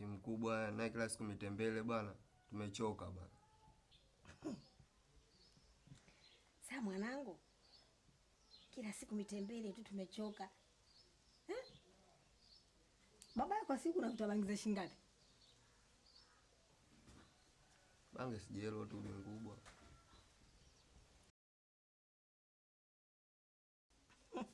ni mkubwa na kila siku mitembele bwana, tumechoka bwana. Sasa mwanangu, kila siku mitembele tu tumechoka eh? Baba kwa siku unakuta bangiza shingapi? Bange sijelo tu ni mkubwa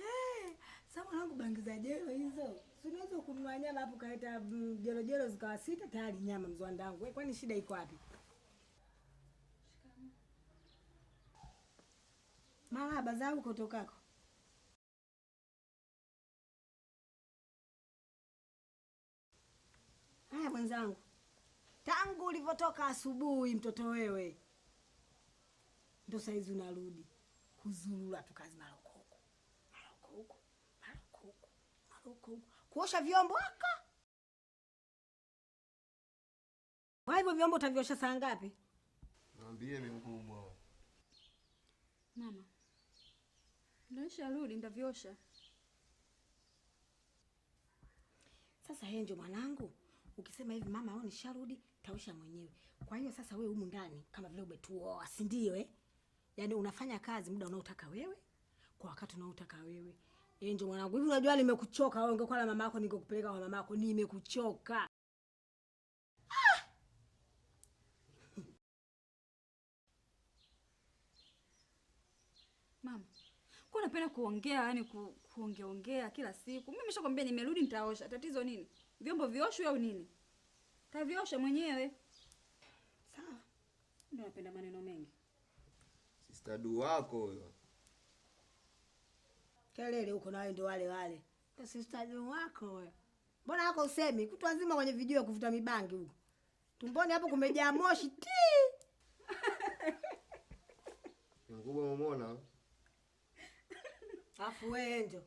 eh, sasa mwanangu, bangiza jelo hizo Unaweza kununua nyama hapo kaita mm, jelojelo zikawa sita tayari nyama mzwandangu. Wewe kwani shida iko wapi? Marahaba zangu kotokako. Haya mwenzangu. Tangu ulivyotoka asubuhi mtoto wewe. Ndio saizi unarudi. Kuzurura tu kazi maroko huko huko kuosha vyombo aka kwa hivyo vyombo utaviosha saa ngapi? Mwambie mkubwa. Mama, naisha rudi ndaviosha. Sasa henjo mwanangu, ukisema hivi mama au nisharudi taosha mwenyewe. Kwa hiyo sasa wewe humu ndani kama vile umetuoa, si ndio eh? Yaani unafanya kazi muda unaotaka wewe kwa wakati unaotaka wewe. Yenje mwanangu, hivi unajua nimekuchoka wewe. Ungekuwa na mama yako ningekupeleka kwa ah! mama yako, nimekuchoka. Mama, kwa napenda kuongea yani ku, kuongea ongea kila siku. Mimi nimeshakwambia nimerudi nitaosha. Tatizo nini? Vyombo vioshwe au nini? Taviosha mwenyewe. Sawa. Ndio napenda maneno mengi. Sister du wako huyo kelele huko, na wale ndio wale wale. Sasa ustadi wako wewe, mbona wako usemi kutwa nzima kwenye video ya kuvuta mibangi huko tumboni hapo kumejaa moshi ti mkubwa, umeona? Afu wewe ndio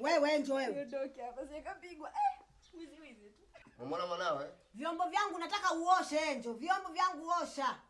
wewe ndio wewe, ndoki hapa sasa kapigwa eh, wizi wizi tu. Umeona mwanawe, vyombo vyangu nataka uoshe, ndio vyombo vyangu osha